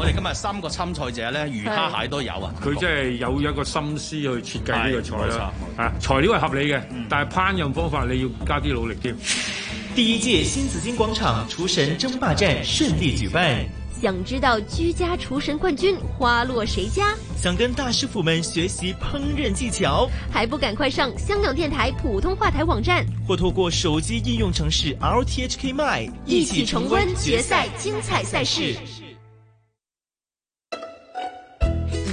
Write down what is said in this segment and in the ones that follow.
我哋今日三個參賽者呢，魚蝦蟹都有啊！佢、嗯、真係有一個心思去設計呢個菜啦、啊。材料係合理嘅、嗯，但係烹飪方法你要加啲努力添。第一屆新紫荊廣場廚神爭霸戰順利舉辦。想知道居家廚神冠軍花落誰家？想跟大師傅們學習烹飪技巧，還不趕快上香港電台普通話台網站，或透過手機應用程式 RTHK My，一起重溫決賽精彩賽事。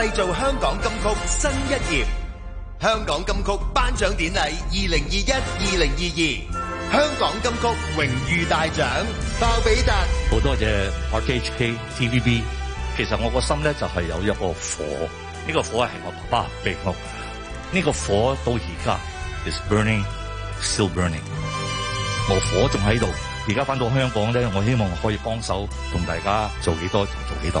製造香港金曲新一頁，香港金曲頒獎典禮2021-2022，香港金曲榮譽大獎，鮑比達，好多謝 RTHK、HKTVB，其實我個心咧就係有一個火，呢個火係我爸爸畀我，呢個火到而家 is burning still burning，我火仲喺度，而家翻到香港咧，我希望可以幫手同大家做幾多就做幾多。